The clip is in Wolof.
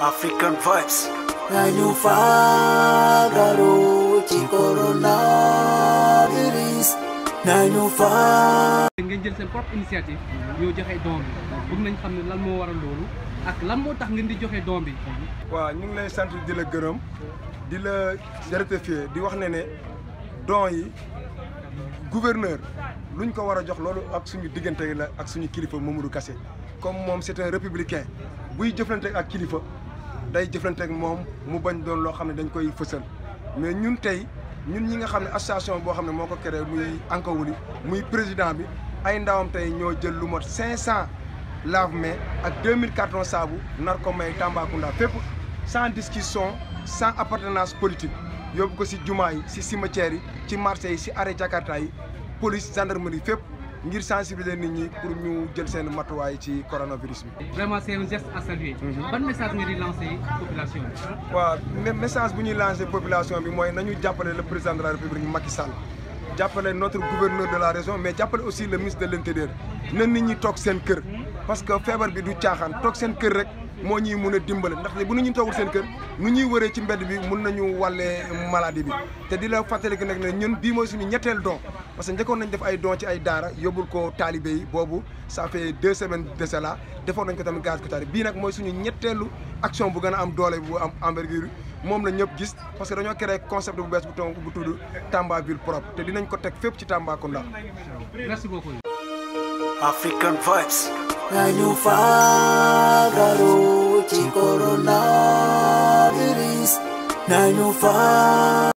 African vibes. nañufagaru ci coronavirus nañufa. ngeen jël seen propre initiative. ñoo joxe doom bi. bëgg nañ xam ne lan moo waral loolu. ak lan moo tax ngeen di joxe doom bi. waa ñu ngi lay sant di la gërëm di la certifié di wax ne ne don yi gouverneur luñ ko war a jox loolu ak suñu diggante la ak suñu kilifa Mamadou kase comme moom c'est un républicain buy jëflante ak kilifa. day jëflante ak moom mu bañ doon loo xam ne dañ koy fësal mais ñun tey ñun ñi nga xam ne association boo xam ne moo ko créé muy Ankawuli muy président bi ay ndawam tey ñoo jël lu mot 500 lave mais ak 2000 cartons saabu nar ko may Tambacounda fépp sans discussion sans appartenance politique yóbbu ko si jumaa yi si cimetière yi ci marché yi si arrêt Jakarta yi police gendarmerie fépp. ngir sensibiliser nit pour nous coronavirus vraiment c'est un geste à saluer. Mhm. ban message di lancer population message bu ñuy lancer population bi mooy nañu le président de la république Macky Sall. notre gouverneur de la région mais jàppale aussi le ministre de l'intérieur Nous nit ñi toog seen parce que feebar bi du caaxaan toog seen moo ñuy mun a dimbali ndax bu nu ñu toogul seen kër nu ñuy wëree ci mbedd bi mun nañu wàllee maladie bi te di la fàttali que ne ñun bii mooy suñu ñetteel don parce que njëkkoon nañ def ay don ci ay daara yóbbul ko taalibe yi boobu ça fait deux semaines de cela defoon nañ ko tamit gaz ko taari bii nag mooy suñu ñetteelu action bu gën a am doole bu am envergure moom la ñëpp gis parce que dañoo keree concept bu bees bu ton bu tudd Tamba ville propre te dinañ ko teg fépp ci Tambacounda. Merci beaucoup. 905